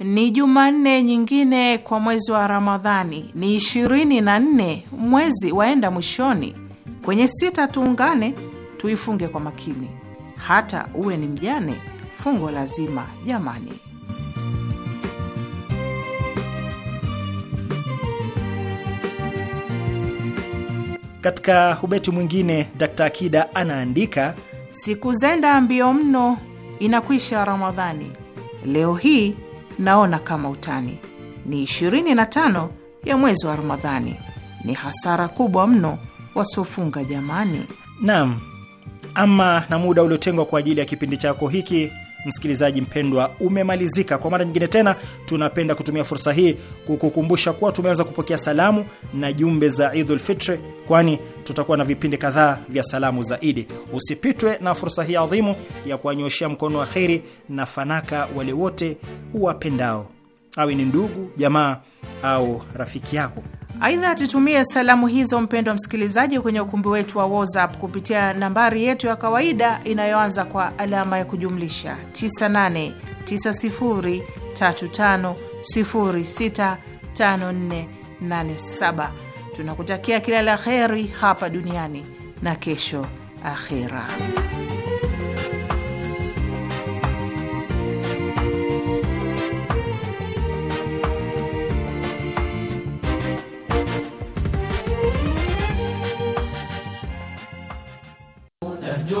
ni Jumanne nyingine kwa mwezi wa Ramadhani, ni ishirini na nne mwezi waenda mwishoni, kwenye sita tuungane, tuifunge kwa makini hata uwe ni mjane, fungo lazima jamani. Katika ubeti mwingine, Dr. Akida anaandika siku zenda mbio mno, inakwisha Ramadhani. Leo hii naona kama utani, ni 25 ya mwezi wa Ramadhani. Ni hasara kubwa mno wasiofunga jamani. Naam. Ama na muda uliotengwa kwa ajili ya kipindi chako hiki msikilizaji mpendwa, umemalizika. Kwa mara nyingine tena, tunapenda kutumia fursa hii kukukumbusha kuwa tumeanza kupokea salamu na jumbe za Idul Fitri, kwani tutakuwa na vipindi kadhaa vya salamu za Idi. Usipitwe na fursa hii adhimu ya kuwanyoshea mkono wa kheri na fanaka wale wote uwapendao, awe ni ndugu, jamaa au rafiki yako. Aidha, tutumie salamu hizo mpendwa msikilizaji, kwenye ukumbi wetu wa WhatsApp kupitia nambari yetu ya kawaida inayoanza kwa alama ya kujumlisha 989035065487. Tunakutakia kila la heri hapa duniani na kesho akhira.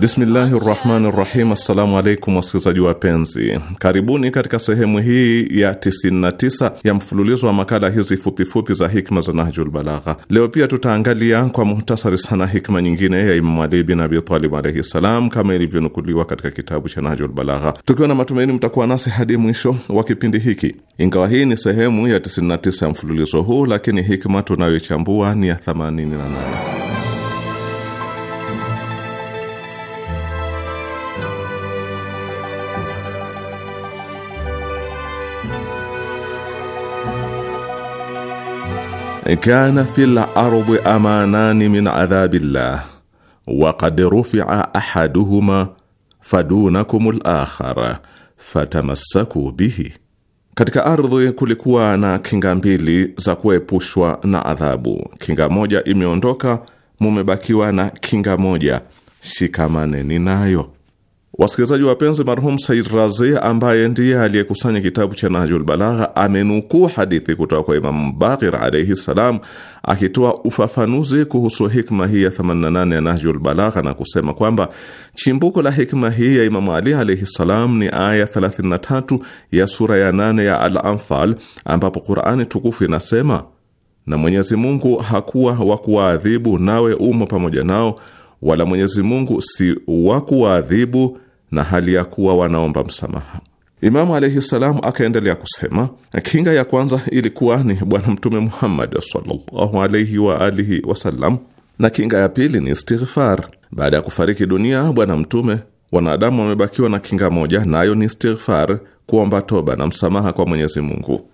Bismillahi rahmani rahim. Assalamu alaikum wasikilizaji wapenzi, karibuni katika sehemu hii ya 99 ya mfululizo wa makala hizi fupifupi za hikma za Nahjul Balagha. Leo pia tutaangalia kwa muhtasari sana hikma nyingine ya Imamu Ali bin Abi Talib alaihi ssalam, kama ilivyonukuliwa katika kitabu cha Nahjul Balagha, tukiwa na matumaini mtakuwa nasi hadi mwisho wa kipindi hiki. Ingawa hii ni sehemu ya 99 ya mfululizo huu, lakini hikma tunayoichambua ni ya 88. kana fil ardi amanani min adhabillah wa qad rufi'a ahaduhuma fadunakum lakhar fatamassaku bihi, katika ardhi kulikuwa na kinga mbili za kuepushwa na adhabu. Kinga moja imeondoka, mumebakiwa na kinga moja, shikamaneni nayo. Wasikilizaji wapenzi, marhum Said Razi ambaye ndiye aliyekusanya kitabu cha Nahjul Balagha amenukuu hadithi kutoka kwa Imamu Bakir alaihi ssalam akitoa ufafanuzi kuhusu hikma hii ya 88 ya Nahjul Balagha na kusema kwamba chimbuko la hikma hii ya Imamu Ali alaihi ssalam ni aya 33 ya sura ya 8 ya Al Anfal ambapo Qurani tukufu inasema, na Mwenyezi Mungu hakuwa wa kuwaadhibu nawe umo pamoja nao, wala Mwenyezi Mungu si wa kuwaadhibu na hali ya kuwa wanaomba msamaha. Imamu alaihi salamu akaendelea kusema, kinga ya kwanza ilikuwa ni Bwana Mtume Muhammad sallallahu alaihi wa alihi wasallam, na kinga ya pili ni istighfar. Baada ya kufariki dunia Bwana Mtume, wanadamu wamebakiwa na kinga moja, nayo ni istighfar, kuomba toba na msamaha kwa Mwenyezi Mungu.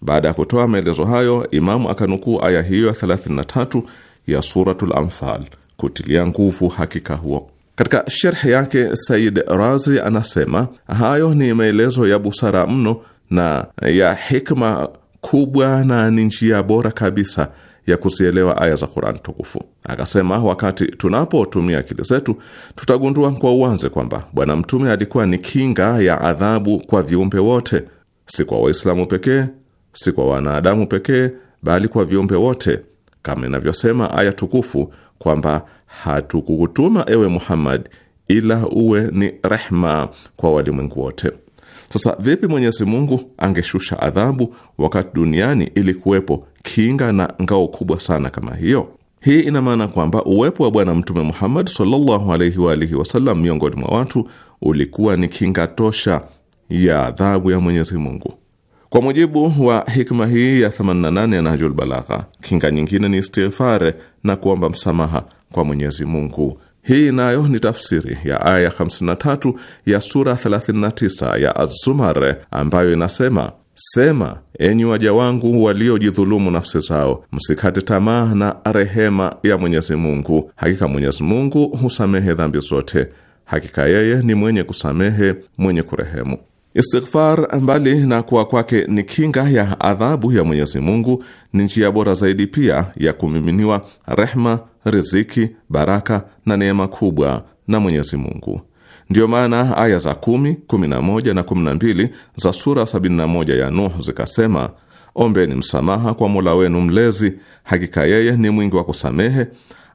Baada ya kutoa maelezo hayo, Imamu akanukuu aya hiyo ya 33 ya Suratul Anfal kutilia nguvu hakika huo katika sherhi yake Said Razi anasema hayo ni maelezo ya busara mno na ya hikma kubwa na ni njia bora kabisa ya kuzielewa aya za Qur'an tukufu. Akasema wakati tunapotumia akili zetu tutagundua kwa uwanze kwamba Bwana Mtume alikuwa ni kinga ya adhabu kwa viumbe wote, si kwa Waislamu pekee, si kwa wanadamu pekee, bali kwa viumbe wote, kama inavyosema aya tukufu kwamba hatukukutuma ewe Muhammad ila uwe ni rehma kwa walimwengu wote. Sasa vipi Mwenyezi Mungu angeshusha adhabu wakati duniani ili kuwepo kinga na ngao kubwa sana kama hiyo? Hii ina maana kwamba uwepo wa Bwana Mtume Muhammad sallallahu alaihi wa alihi wasallam miongoni mwa watu ulikuwa ni kinga tosha ya adhabu ya Mwenyezi Mungu. Kwa mujibu wa hikma hii ya 88 ya Nahjul Balagha, kinga nyingine ni istighfar na kuomba msamaha kwa Mwenyezi Mungu. Hii nayo ni tafsiri ya aya 53 ya sura 39 ya Az-Zumar ambayo inasema: Sema, enyi waja wangu waliojidhulumu nafsi zao, msikate tamaa na rehema ya Mwenyezi Mungu. Hakika Mwenyezi Mungu husamehe dhambi zote, hakika yeye ni mwenye kusamehe, mwenye kurehemu. Istighfar, mbali na kuwa kwake ni kinga ya adhabu ya Mwenyezi Mungu, ni njia bora zaidi pia ya kumiminiwa rehma, riziki, baraka na neema kubwa na Mwenyezi Mungu. Ndiyo maana aya za kumi, kumi na moja na mbili za sura 71 moja ya Nuh zikasema: ombeni msamaha kwa Mola wenu Mlezi, hakika yeye ni mwingi wa kusamehe,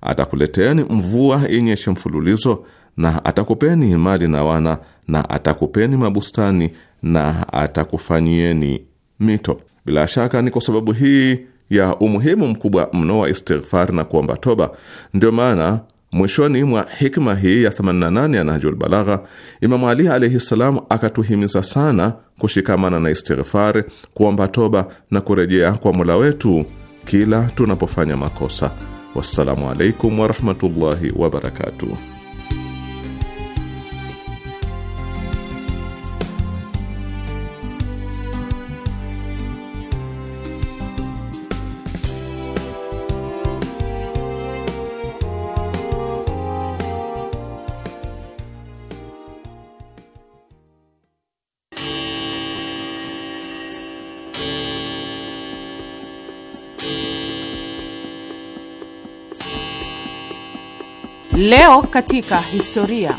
atakuleteeni mvua inyeshe mfululizo na atakupeni mali na wana na atakupeni mabustani na atakufanyieni mito. Bila shaka ni kwa sababu hii ya umuhimu mkubwa mno wa istighfar na kuomba toba, ndio maana mwishoni mwa hikma hii ya 88 ya Nahjul Balagha, Imamu Ali alaihi ssalam akatuhimiza sana kushikamana na istighfar, kuomba toba na kurejea kwa Mola wetu kila tunapofanya makosa. Wassalamu alaikum warahmatullahi wabarakatuh. Leo katika historia.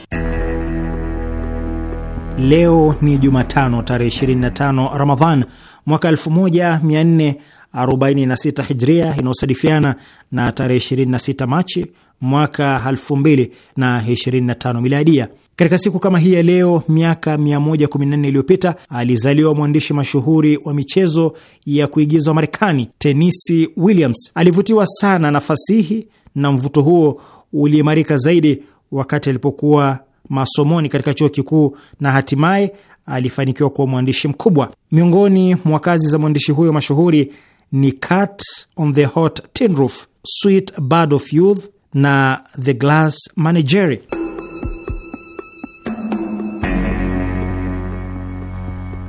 Leo ni Jumatano tarehe 25 Ramadhan mwaka 1446 Hijria, inayosadifiana na tarehe 26 Machi mwaka 2025 Miladia. Katika siku kama hii ya leo miaka 114 iliyopita alizaliwa mwandishi mashuhuri wa michezo ya kuigizwa Marekani, Tennessee Williams. Alivutiwa sana na fasihi na mvuto huo uliimarika zaidi wakati alipokuwa masomoni katika chuo kikuu na hatimaye alifanikiwa kuwa mwandishi mkubwa. Miongoni mwa kazi za mwandishi huyo mashuhuri ni Cat on the Hot Tin Roof, Sweet Bird of Youth na The Glass Menagerie.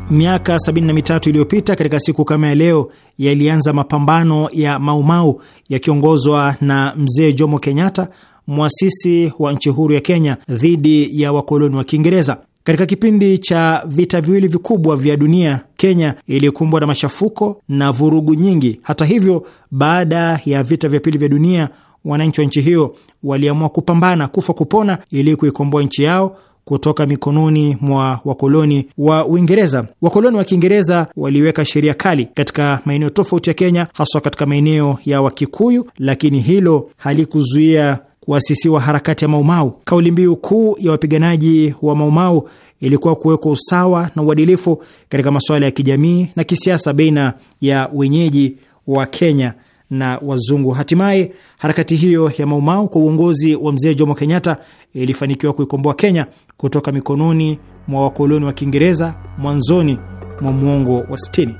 Miaka 73 iliyopita katika siku kama ya leo yalianza mapambano ya Maumau yakiongozwa na mzee Jomo Kenyatta, mwasisi wa nchi huru ya Kenya, dhidi ya wakoloni wa Kiingereza. Katika kipindi cha vita viwili vikubwa vya dunia, Kenya ilikumbwa na machafuko na vurugu nyingi. Hata hivyo, baada ya vita vya pili vya dunia, wananchi wa nchi hiyo waliamua kupambana kufa kupona ili kuikomboa nchi yao kutoka mikononi mwa wakoloni wa Uingereza. Wakoloni wa Kiingereza waliweka sheria kali katika maeneo tofauti ya Kenya, haswa katika maeneo ya Wakikuyu, lakini hilo halikuzuia kuasisiwa harakati ya Maumau. Kauli mbiu kuu ya wapiganaji wa Maumau ilikuwa kuwekwa usawa na uadilifu katika masuala ya kijamii na kisiasa baina ya wenyeji wa Kenya na wazungu. Hatimaye harakati hiyo ya Maumau kwa uongozi wa mzee Jomo Kenyatta ilifanikiwa kuikomboa Kenya kutoka mikononi mwa wakoloni wa Kiingereza mwanzoni mwa mwongo wa 60.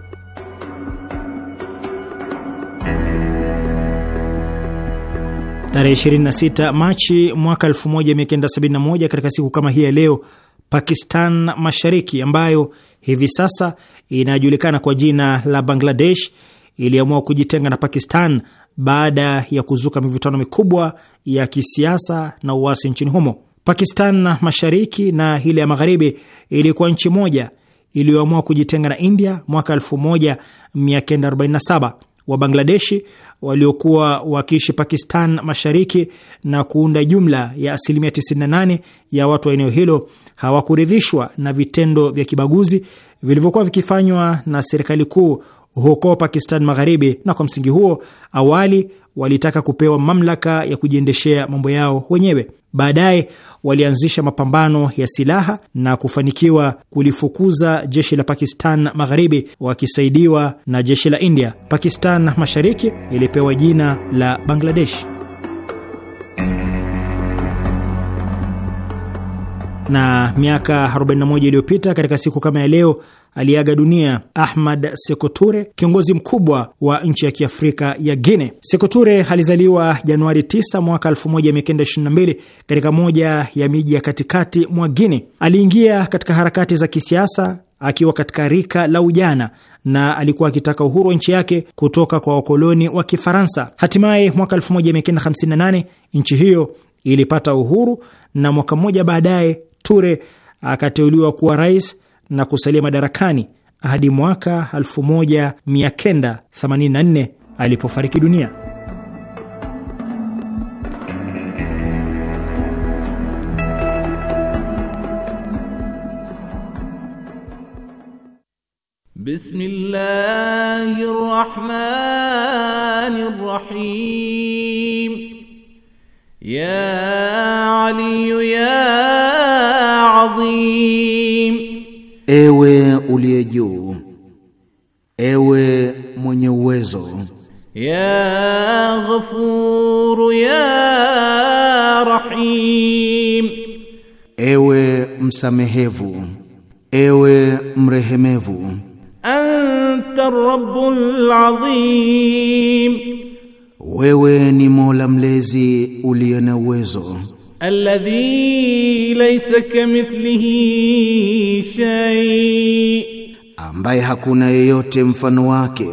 Tarehe 26 Machi mwaka 1971, katika siku kama hii ya leo, Pakistan Mashariki ambayo hivi sasa inajulikana kwa jina la Bangladesh iliamua kujitenga na Pakistan baada ya kuzuka mivutano mikubwa ya kisiasa na uasi nchini humo. Pakistan na mashariki na ile ya magharibi ilikuwa nchi moja iliyoamua kujitenga na India mwaka 1947. Wa Bangladeshi waliokuwa wakiishi Pakistan mashariki na kuunda jumla ya asilimia 98 ya watu wa eneo hilo hawakuridhishwa na vitendo vya kibaguzi vilivyokuwa vikifanywa na serikali kuu huko Pakistan Magharibi, na kwa msingi huo awali walitaka kupewa mamlaka ya kujiendeshea mambo yao wenyewe. Baadaye walianzisha mapambano ya silaha na kufanikiwa kulifukuza jeshi la Pakistan Magharibi wakisaidiwa na jeshi la India. Pakistan Mashariki ilipewa jina la Bangladesh. na miaka 41 iliyopita katika siku kama ya leo aliaga dunia Ahmad Sekoture, kiongozi mkubwa wa nchi ya kiafrika ya Guine. Sekoture alizaliwa Januari 9 mwaka 1922 katika moja ya miji ya katikati mwa Guine. Aliingia katika harakati za kisiasa akiwa katika rika la ujana na alikuwa akitaka uhuru wa nchi yake kutoka kwa wakoloni wa Kifaransa. Hatimaye mwaka 1958 nchi hiyo ilipata uhuru na mwaka mmoja baadaye Ture akateuliwa kuwa rais na kusalia madarakani hadi mwaka 1984 alipofariki dunia. Bismillahi rahim ya Ali ya Ewe uliye juu, ewe mwenye uwezo. Ya Ghafur ya Rahim, ewe msamehevu, ewe mrehemevu. Anta Rabbul Azim, wewe ni Mola mlezi uliye na uwezo alladhi laysa kamithlihi shay, ambaye hakuna yeyote mfano wake.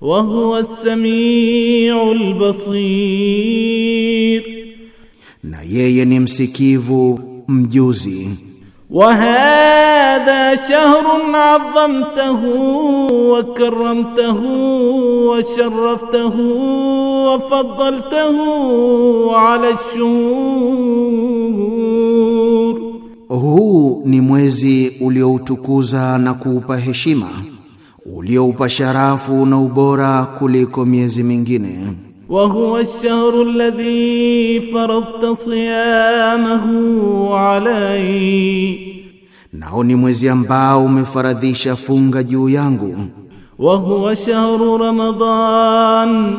Wa huwa as-sami'ul basir, na yeye ni msikivu mjuzi. وهذا شهر عظمته وكرمته وشرفته وفضلته على الشهور huu ni mwezi ulioutukuza na kuupa heshima ulioupa sharafu na ubora kuliko miezi mingine وهو الشهر الذي فرضت siamahu alai, nao ni mwezi ambao umefaradhisha funga juu yangu. وهو شهر رمضان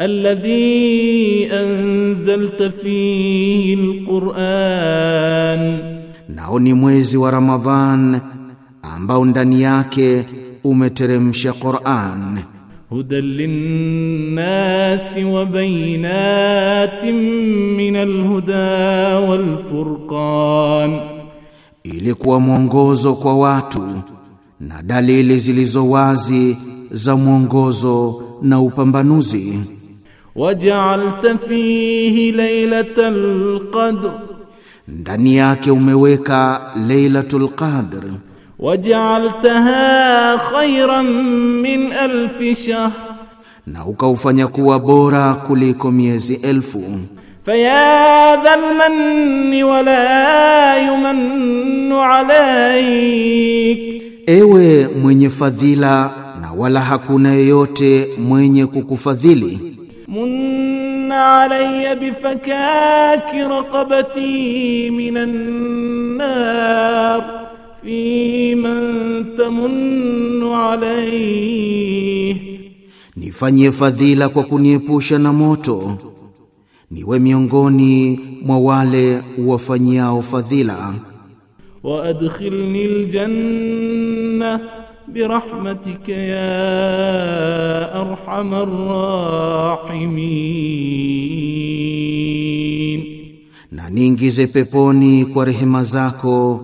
الذي أنزلت فيه القرآن nao ni mwezi wa Ramadhan ambao ndani yake umeteremsha Qur'an هدى للناس وبينات من الهدى والفرقان ili kuwa mwongozo kwa watu na dalili zilizo wazi za mwongozo na upambanuzi. Waja'alta fihi laylatal qadr, ndani yake umeweka laylatul qadr wajaaltaha khairan min alf shahr, na ukaufanya kuwa bora kuliko miezi elfu. Faya dhal manni wala yumannu alayk, ewe mwenye fadhila na wala hakuna yeyote mwenye kukufadhili. Munna alayya bifakaki raqabati minan nar في من تمن عليه nifanyie fadhila kwa kuniepusha na moto, niwe miongoni mwa wale wafanyiao fadhila. Wa adkhilni aljanna birahmatika ya arhamar rahimin, na niingize peponi kwa rehema zako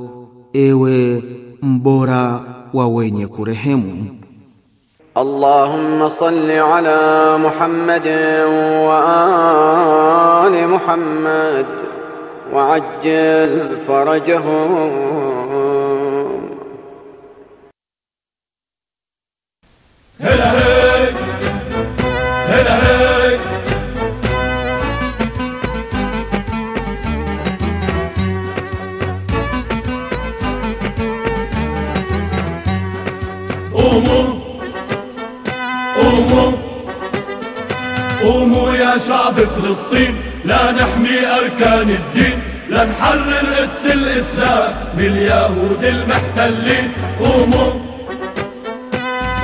ewe mbora wa wenye kurehemu. Allahumma salli ala Muhammad wa ali Muhammad wa ajjal farajahum. Hela, hela. فلسطين لا نحمي أركان الدين لا نحرر قدس الإسلام من اليهود المحتلين قوموا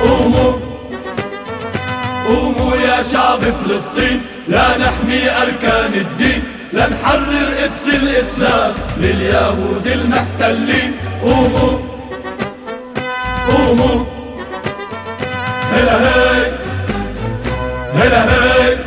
قوموا قوموا يا شعب فلسطين لا نحمي أركان الدين لا نحرر قدس الإسلام لليهود المحتلين قوموا قوموا هلا هي هلا هي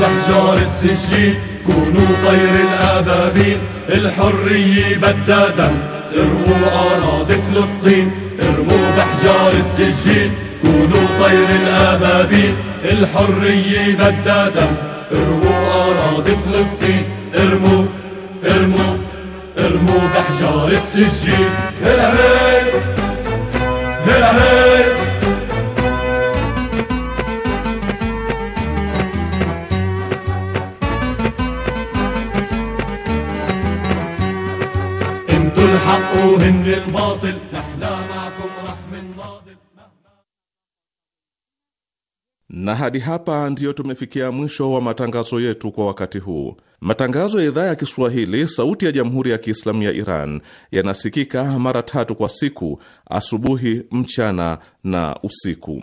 بحجارة سجين كونوا طير الأبابيل الحرية بدها دم ارموا أراضي فلسطين ارموا بحجارة سجين كونوا طير الأبابيل الحرية بدها دم ارموا أراضي فلسطين ارموا ارموا ارموا بحجارة سجين هلا هلا هلا الحق وهن الباطل نحن معكم من ناضل na hadi hapa ndiyo tumefikia mwisho wa matangazo yetu kwa wakati huu. Matangazo ya idhaa ya Kiswahili sauti ya jamhuri ya Kiislamu ya Iran yanasikika mara tatu kwa siku: asubuhi, mchana na usiku.